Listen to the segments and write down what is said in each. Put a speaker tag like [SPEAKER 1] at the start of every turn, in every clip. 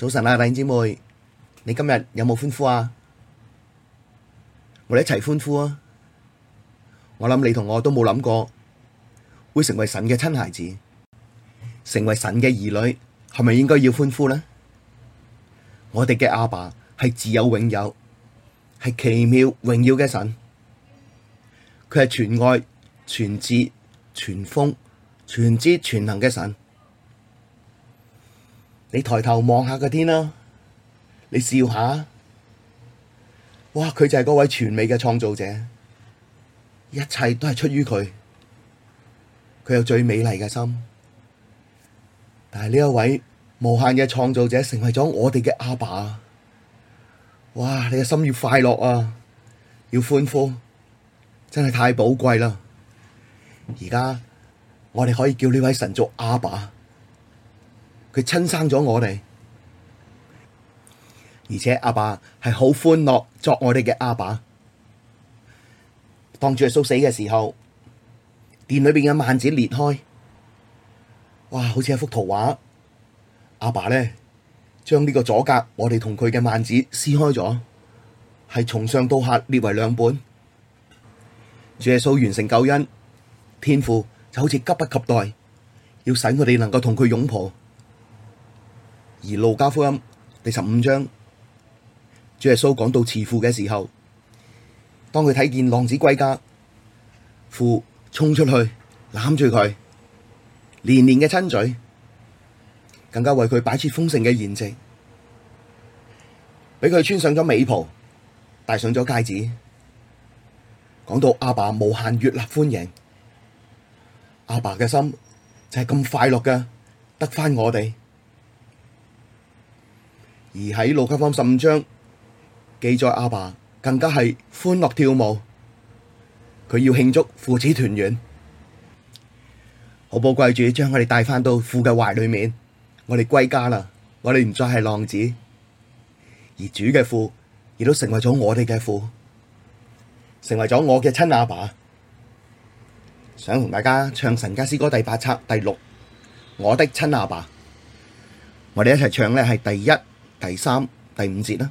[SPEAKER 1] 早晨啊，弟兄姊妹，你今日有冇歡呼啊？我哋一齊歡呼啊！我諗你同我都冇諗過會成為神嘅親孩子，成為神嘅兒女，係咪應該要歡呼呢？我哋嘅阿爸係自有永有，係奇妙榮耀嘅神，佢係全愛、全智、全豐、全知、全能嘅神。你抬頭望下個天啦，你笑下，哇！佢就係嗰位全美嘅創造者，一切都係出於佢，佢有最美麗嘅心。但係呢一位無限嘅創造者成為咗我哋嘅阿爸，哇！你嘅心要快樂啊，要歡呼，真係太寶貴啦！而家我哋可以叫呢位神做阿爸。佢親生咗我哋，而且阿爸係好歡樂作我哋嘅阿爸。當主耶穌死嘅時候，殿裏邊嘅幔子裂開，哇，好似一幅圖畫。阿爸咧，將呢個阻隔我哋同佢嘅幔子撕開咗，係從上到下裂為兩半。主耶穌完成救恩，天父就好似急不及待，要使我哋能夠同佢擁抱。而路加福音第十五章，主耶穌講到慈父嘅時候，當佢睇見浪子歸家，父衝出去攬住佢，連連嘅親嘴，更加為佢擺設豐盛嘅筵席，俾佢穿上咗美袍，戴上咗戒指，講到阿爸無限熱烈歡迎，阿爸嘅心就係咁快樂㗎，得返我哋。而喺《路加方十五章》記載，阿爸更加係歡樂跳舞，佢要慶祝父子團圓。好寶貴，主將我哋帶返到父嘅懷裏面，我哋歸家啦，我哋唔再係浪子，而主嘅父亦都成為咗我哋嘅父，成為咗我嘅親阿爸。想同大家唱《神家詩歌》第八冊第六，《我的親阿爸》，我哋一齊唱呢係第一。第三、第五節啦。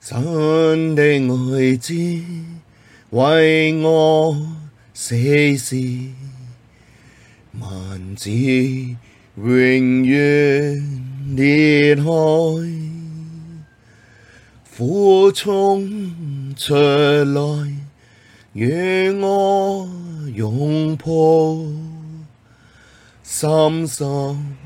[SPEAKER 2] 神的愛子為我死時，幔子永遠裂開，父衝出來，與我擁抱深深。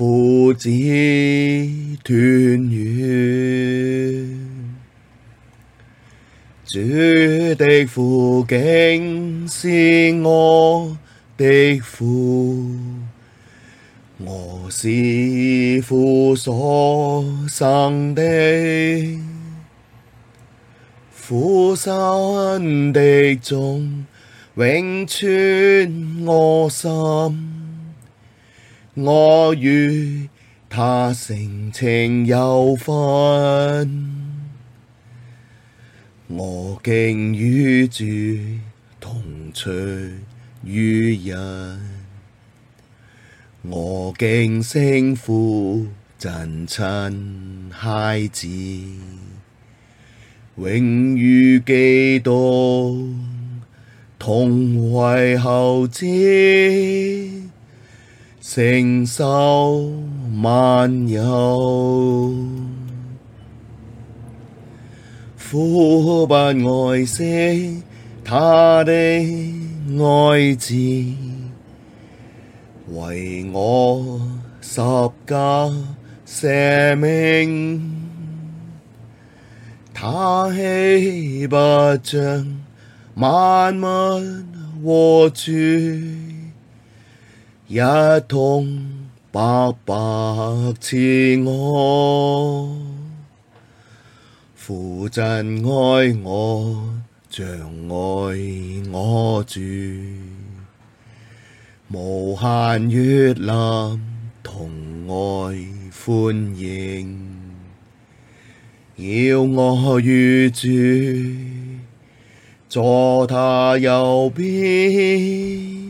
[SPEAKER 2] 父子團圓，主的父竟是我的父，我是父所生的，父神的種永存我心。我於祂性情有分，我竟與主同出於一，我竟成父真親孩子，永與基督同為後嗣。承受萬有。父不愛惜他的愛子，為我十架捨命，他豈不將萬物和主？毫毫一同白白賜我，父真愛我像愛我主，無限悅納疼愛、歡迎，要我與主坐祂右邊。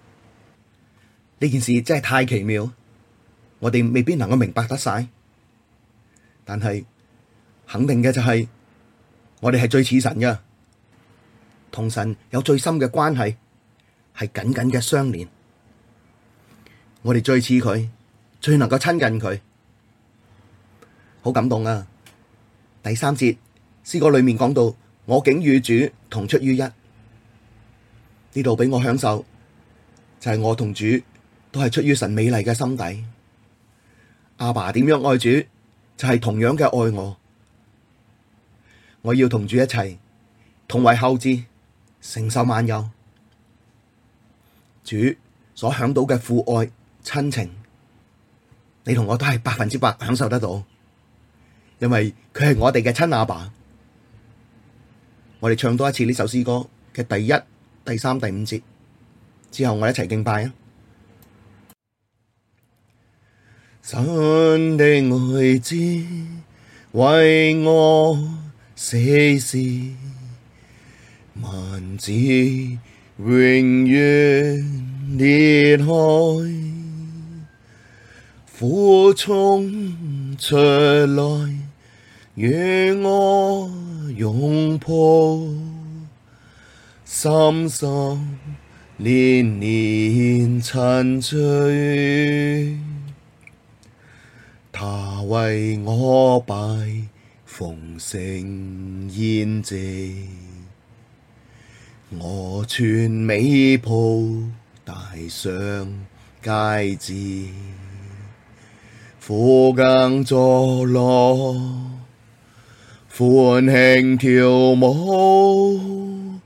[SPEAKER 1] 呢件事真係太奇妙，我哋未必能夠明白得晒，但係肯定嘅就係我哋係最似神嘅，同神有最深嘅關係，係緊緊嘅相連。我哋最似佢，最能夠親近佢，好感動啊！第三節詩歌裏面講到，我竟與主同出於一，呢度俾我享受就係、是，我同主。都係出於神美麗嘅心底，阿爸點樣愛主，就係、是、同樣嘅愛我。我要同主一齊，同為後嗣，承受萬有。主所享到嘅父愛親情，你同我都係百分之百享受得到，因為佢係我哋嘅親阿爸、爸。我哋唱多一次呢首詩歌嘅第一、第三、第五節之後，我哋一齊敬拜啊！
[SPEAKER 2] 神的愛子為我死時，幔子永遠裂開，父衝出來與我擁抱，深深連連親嘴。他為我擺豐盛筵席，我穿美袍戴上戒指，父更作樂，歡慶跳舞，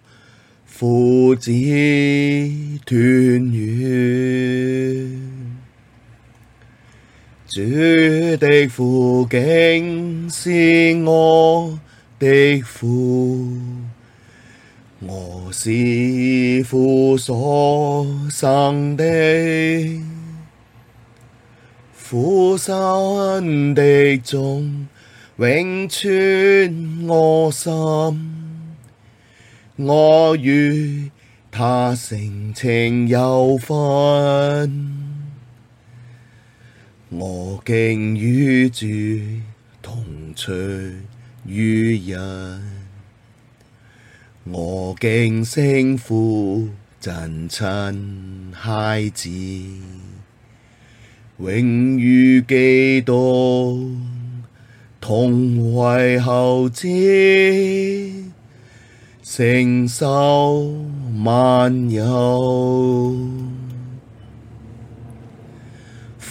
[SPEAKER 2] 父子團圓。主的父竟是我的父，我是父所生的，父神的種永存我心，我與他性情有分。我竟與主同出於一，我竟成父真親孩子，永與基督同為後嗣，承受萬有。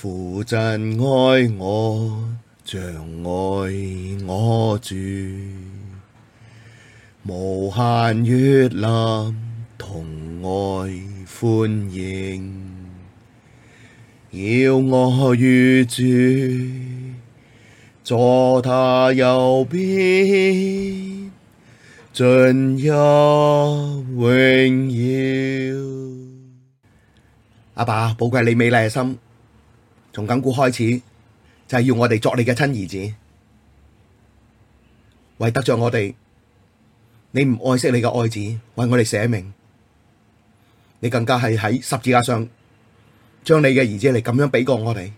[SPEAKER 2] 父真愛我像愛我主，無限悅納同愛歡迎，要我與主坐祂右邊，進入榮耀。阿爸，爸，寶貴你美麗嘅心。
[SPEAKER 1] 從緊箍開始，就係、是、要我哋作你嘅親兒子，為得着我哋，你唔愛惜你嘅愛子，為我哋捨命，你更加係喺十字架上將你嘅兒子嚟咁樣俾過我哋，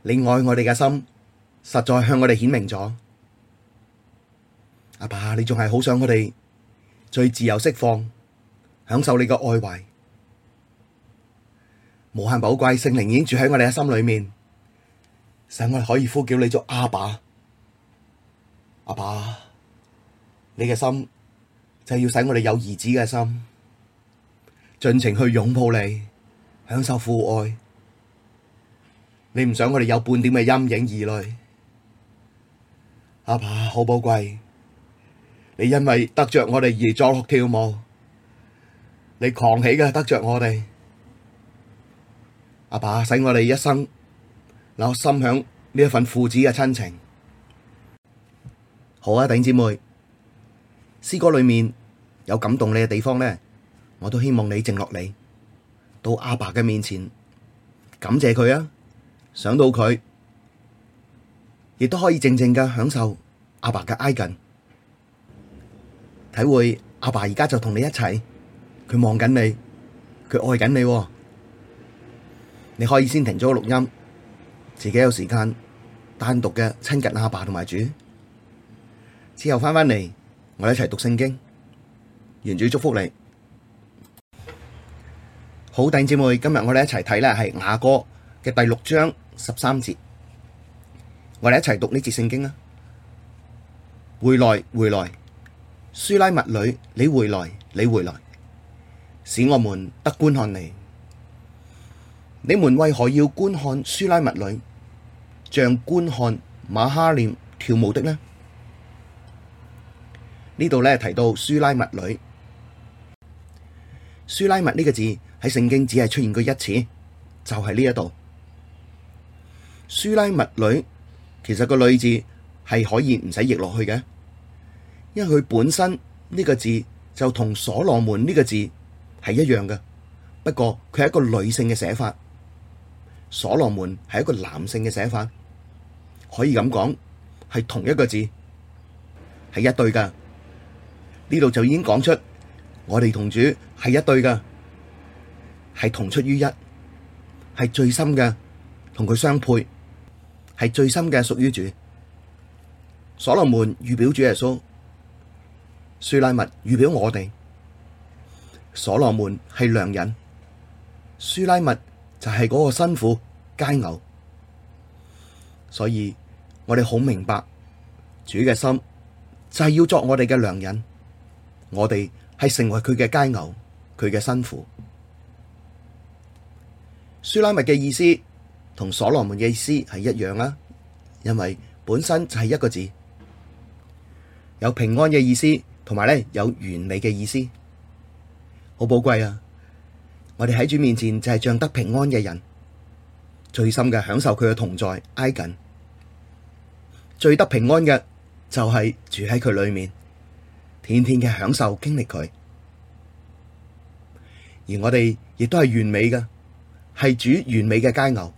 [SPEAKER 1] 你愛我哋嘅心實在向我哋顯明咗。阿爸，爸，你仲係好想我哋最自由釋放，享受你嘅愛懷。無限寶貴，聖靈已經住喺我哋嘅心裏面，使我哋可以呼叫你做阿爸。阿爸，你嘅心就要使我哋有兒子嘅心，盡情去擁抱你，享受父愛。你唔想我哋有半點嘅陰影疑慮。阿爸，好寶貴，你因為得着我哋而作樂跳舞，你狂喜嘅得着我哋。阿爸，爸使我哋一生留心響呢一份父子嘅親情。好啊，頂姊妹，詩歌裏面有感動你嘅地方呢，我都希望你靜落嚟，到阿爸嘅面前，感謝佢啊！想到佢，亦都可以靜靜嘅享受阿爸嘅挨近，體會阿爸而家就同你一齊，佢望緊你，佢愛緊你啊。你可以先停咗個錄音，自己有時間單獨嘅親近阿爸同埋主，之後翻返嚟，我哋一齊讀聖經，願主祝福你。好，弟兄姐妹，今日我哋一齊睇呢係雅歌嘅第六章十三節，我哋一齊讀呢節聖經啊！回來回來，書拉密女，你回來你回來，使我們得觀看你。你們為何要觀看書拉密女，像觀看瑪哈念跳舞的呢？呢度咧提到書拉密女，書拉密呢個字喺聖經只係出現過一次，就係呢一度。書拉密女其實個女字係可以唔使譯落去嘅，因為佢本身呢個字就同所羅門呢個字係一樣嘅，不過佢係一個女性嘅寫法。所羅門係一個男性嘅寫法，可以咁講，係同一個字，係一對噶。呢度就已經講出，我哋同主係一對噶，係同出於一，係最深嘅，同佢相配，係最深嘅屬於主。所羅門預表主耶穌，書拉密預表我哋。所羅門係良人，書拉密就係嗰個新婦、佳偶，所以我哋好明白主嘅心就係要作我哋嘅良人，我哋係成為佢嘅佳偶、佢嘅新婦。書拉密嘅意思同所羅門嘅意思係一樣啦，因為本身就係一個字，有平安嘅意思，同埋咧有完美嘅意思，好寶貴啊！我哋喺主面前就係像得平安嘅人，最深嘅享受佢嘅同在挨緊，最得平安嘅就係住喺佢裏面，天天嘅享受經歷佢。而我哋亦都係完美嘅，係主完美嘅佳偶。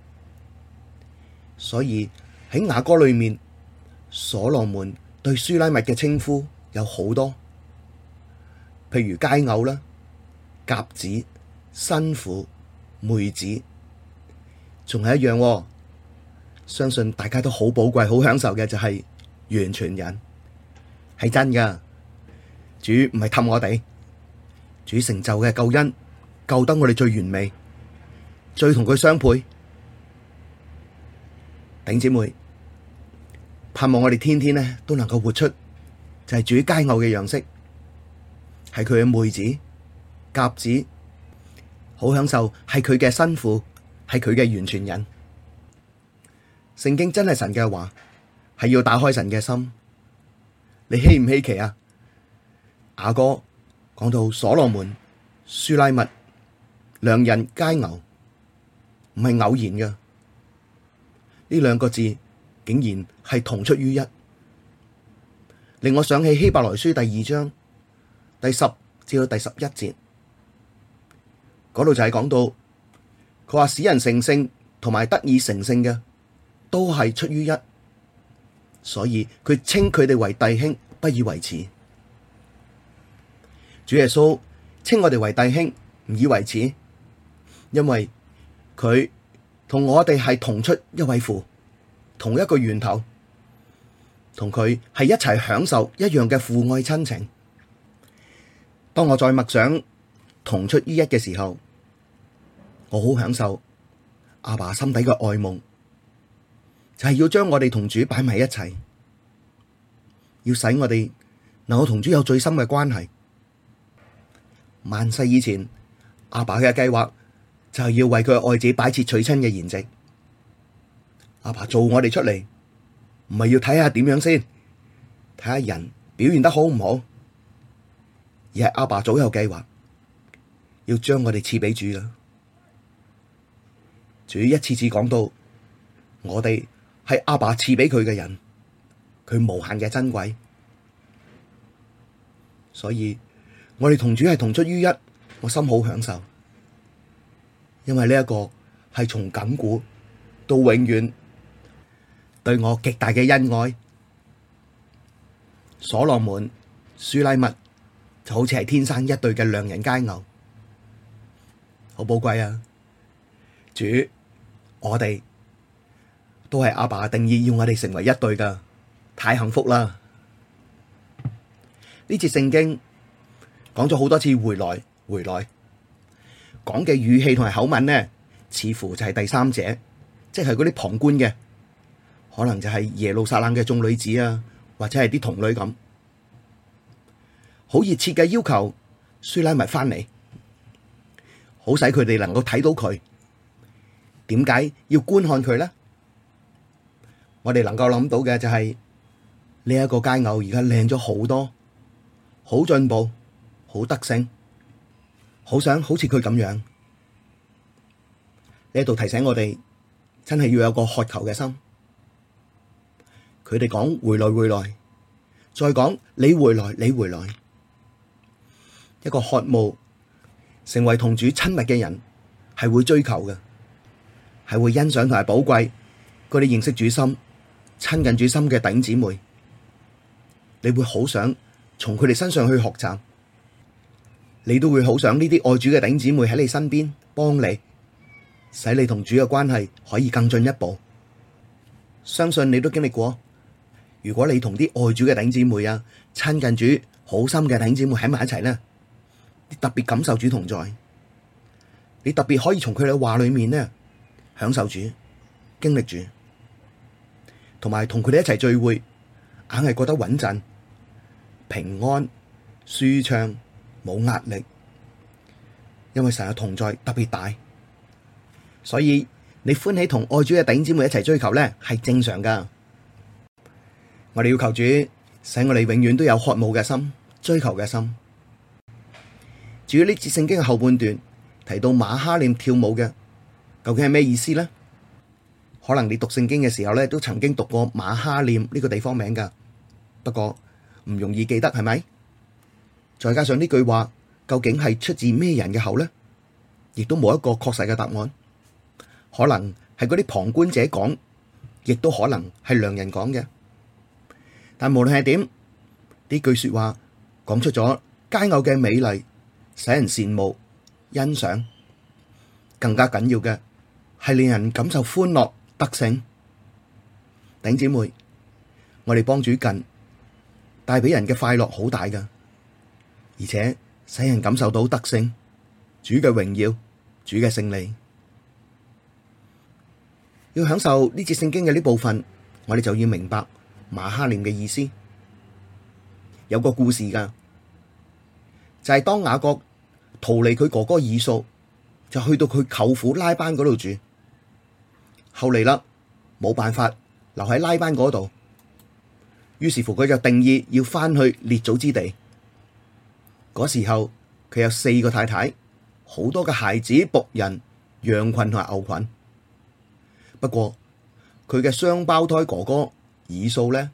[SPEAKER 1] 所以喺雅歌裏面，所羅門對書拉密嘅稱呼有好多，譬如佳偶啦、鴿子。辛苦妹子，仲係一樣。哦，相信大家都好寶貴、好享受嘅就係完全人，係真噶。主唔係氹我哋，主成就嘅救恩，救得我哋最完美，最同佢相配。頂姐妹，盼望我哋天天呢都能夠活出就係主佳偶嘅樣式，係佢嘅妹子、甲子。好享受，係佢嘅新婦，係佢嘅完全人。聖經真係神嘅話，係要打開神嘅心。你稀唔稀奇啊？雅歌講到所羅門、書拉密、良人、佳偶，唔係偶然噶。呢兩個字竟然係同出於一，令我想起希伯來書第二章第十至到第十一節。嗰度就係講到，佢話使人成聖同埋得以成聖嘅，都係出於一，所以佢稱佢哋為弟兄，不以為恥。主耶穌稱我哋為弟兄，唔以為恥，因為佢同我哋係同出一位父，同一個源頭，同佢係一齊享受一樣嘅父愛親情。當我再默想同出於一嘅時候，我好享受阿爸,爸心底嘅愛慕，就係、是、要將我哋同主擺埋一齊，要使我哋能夠同主有最深嘅關係。萬世以前，阿爸嘅計劃就係要為佢嘅愛子擺設娶親嘅筵席。阿爸,爸做我哋出嚟，唔係要睇下點樣先，睇下人表現得好唔好，而係阿爸早有計劃，要將我哋賜俾主噶。主一次次講到，我哋係阿爸賜俾佢嘅人，佢無限嘅珍貴，所以我哋同主係同出於一，我心好享受，因為呢一個係從亙古到永遠對我極大嘅恩愛。所羅門、書拉密就好似係天生一對嘅良人佳偶，好寶貴啊，主。我哋都係阿爸，爸定義，要我哋成為一對噶，太幸福啦！呢節聖經講咗好多次回來，回來講嘅語氣同埋口吻呢，似乎就係第三者，即係嗰啲旁觀嘅，可能就係耶路撒冷嘅眾女子啊，或者係啲童女咁，好熱切嘅要求書拉密翻嚟，好使佢哋能夠睇到佢。點解要觀看佢咧？我哋能夠諗到嘅就係呢一個佳偶而家靚咗好多，好進步，好得勝，好想好似佢咁樣。呢度提醒我哋，真係要有個渴求嘅心。佢哋講回來，回來，再講你回來，你回來。一個渴慕成為同主親密嘅人，係會追求嘅。係會欣賞同埋寶貴嗰啲認識主心、親近主心嘅頂姊妹，你會好想從佢哋身上去學習，你都會好想呢啲愛主嘅頂姊妹喺你身邊幫你，使你同主嘅關係可以更進一步。相信你都經歷過，如果你同啲愛主嘅頂姊妹啊、親近主好心嘅頂姊妹喺埋一齊呢，你特別感受主同在，你特別可以從佢哋嘅話裏面呢，享受主，經歷主，同埋同佢哋一齊聚會，硬係覺得穩陣、平安、舒暢、冇壓力，因為神有同在，特別大。所以你歡喜同愛主嘅弟兄姊妹一齊追求呢，係正常噶。我哋要求主，使我哋永遠都有渴慕嘅心、追求嘅心。至於呢節聖經後半段提到馬哈念跳舞嘅。究竟係咩意思呢？可能你讀聖經嘅時候咧，都曾經讀過馬哈念呢個地方名噶，不過唔容易記得，係咪？再加上呢句話，究竟係出自咩人嘅口呢？亦都冇一個確實嘅答案。可能係嗰啲旁觀者講，亦都可能係良人講嘅。但無論係點，呢句說話講出咗佳偶嘅美麗，使人羨慕欣賞，更加緊要嘅。係令人感受歡樂得勝，頂姐妹，我哋幫主近帶俾人嘅快樂好大噶，而且使人感受到得勝，主嘅榮耀，主嘅勝利。要享受呢節聖經嘅呢部分，我哋就要明白馬哈念嘅意思。有個故事噶，就係、是、當雅各逃離佢哥哥以掃，就去到佢舅父拉班嗰度住。後嚟啦，冇辦法留喺拉班嗰度，於是乎佢就定意要翻去列祖之地。嗰時候佢有四個太太，好多嘅孩子、僕人、羊群同埋牛群。不過佢嘅雙胞胎哥哥以掃呢，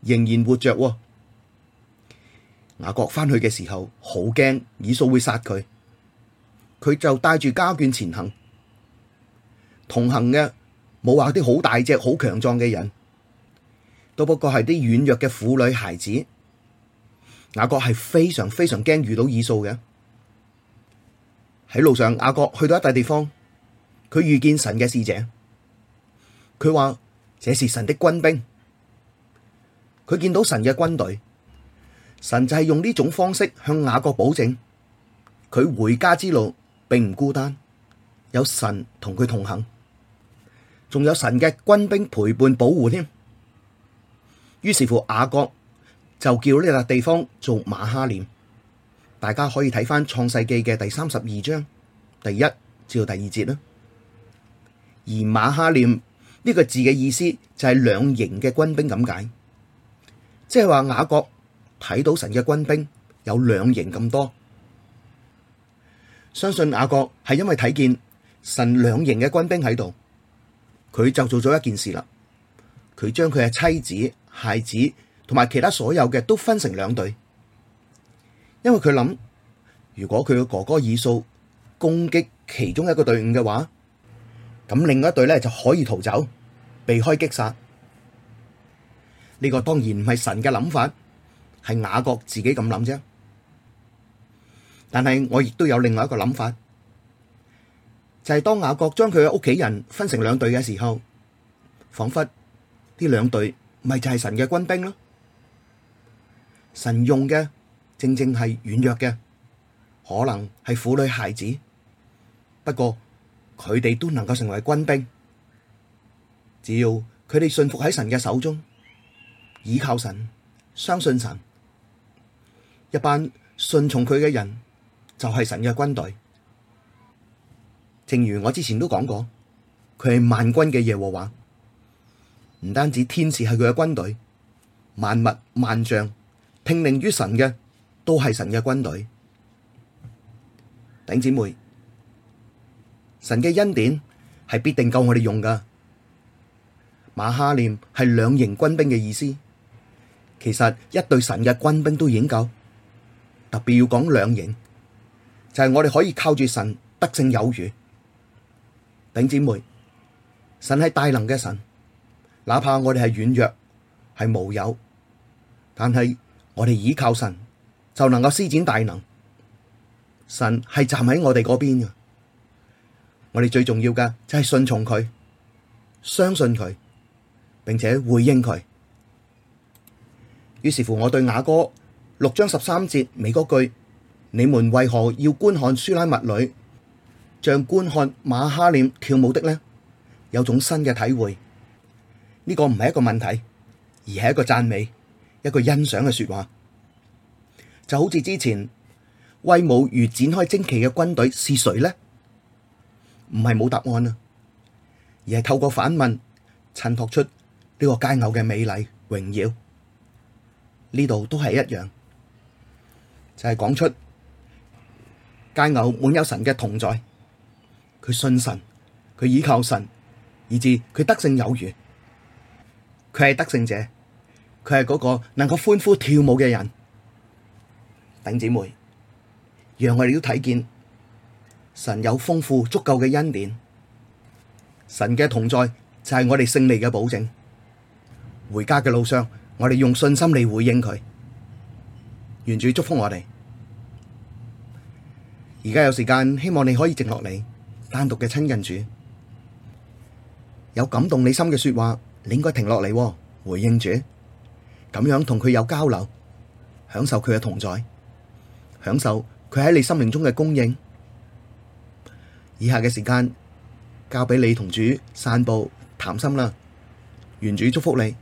[SPEAKER 1] 仍然活着喎、啊。雅各翻去嘅時候好驚，以掃會殺佢，佢就帶住家眷前行，同行嘅。冇話啲好大隻、好強壯嘅人，都不過係啲軟弱嘅婦女、孩子。雅各係非常非常驚遇到以掃嘅。喺路上，雅各去到一笪地方，佢遇見神嘅使者，佢話：這是神的軍兵。佢見到神嘅軍隊，神就係用呢種方式向雅各保證，佢回家之路並唔孤單，有神同佢同行，仲有神嘅軍兵陪伴保護添，於是乎雅各就叫呢笪地方做馬哈念。大家可以睇翻創世記嘅第三十二章第一至到第二節啦。而馬哈念呢個字嘅意思就係兩營嘅軍兵咁解，即係話雅各睇到神嘅軍兵有兩營咁多，相信雅各係因為睇見神兩營嘅軍兵喺度。佢就做咗一件事啦，佢將佢嘅妻子、孩子同埋其他所有嘅都分成兩隊，因為佢諗，如果佢嘅哥哥以掃攻擊其中一個隊伍嘅話，咁另外一隊咧就可以逃走，避開擊殺。呢個當然唔係神嘅諗法，係雅各自己咁諗啫。但係我亦都有另外一個諗法。就係當雅各將佢嘅屋企人分成兩隊嘅時候，仿佛呢兩隊咪就係神嘅軍兵咯。神用嘅正正係軟弱嘅，可能係婦女孩子，不過佢哋都能夠成為軍兵，只要佢哋信服喺神嘅手中，倚靠神，相信神，一班信從佢嘅人就係神嘅軍隊。正如我之前都講過，佢係萬軍嘅耶和華，唔單止天使係佢嘅軍隊，萬物萬象，聽令於神嘅都係神嘅軍隊。頂姐妹，神嘅恩典係必定夠我哋用噶。瑪哈念係兩營軍兵嘅意思，其實一隊神嘅軍兵都已經夠，特別要講兩營，就係、是、我哋可以靠住神得勝有餘。弟兄姊妹，神係大能嘅神，哪怕我哋係軟弱，係無有，但係我哋倚靠神就能夠施展大能。神係站喺我哋嗰邊嘅，我哋最重要嘅就係信從佢，相信佢，並且回應佢。於是乎，我對雅歌六章十三節尾嗰句：你們為何要觀看書拉密女，像觀看馬哈念跳舞的呢？有種新嘅體會。呢個唔係一個問題，而係一個讚美，一句欣賞嘅說話。就好似之前威武如展開旌旗嘅軍隊是誰呢？唔係冇答案啊，而係透過反問襯托出呢個佳偶嘅美麗榮耀。呢度都係一樣，就係講出佳偶滿有神嘅同在。佢信神，佢倚靠神，以致佢得勝有餘。佢係得勝者，佢係嗰個能夠歡呼跳舞嘅人。弟兄姊妹，讓我哋都睇見神有豐富足夠嘅恩典，神嘅同在就係我哋勝利嘅保證。回家嘅路上，我哋用信心嚟回應佢。願主祝福我哋。而家有時間，希望你可以靜落嚟。單獨嘅親近主，有感動你心嘅說話，你應該停落嚟，回應主，咁樣同佢有交流，享受佢嘅同在，享受佢喺你生命中嘅供應。以下嘅時間交俾你同主散步談心啦，願主祝福你。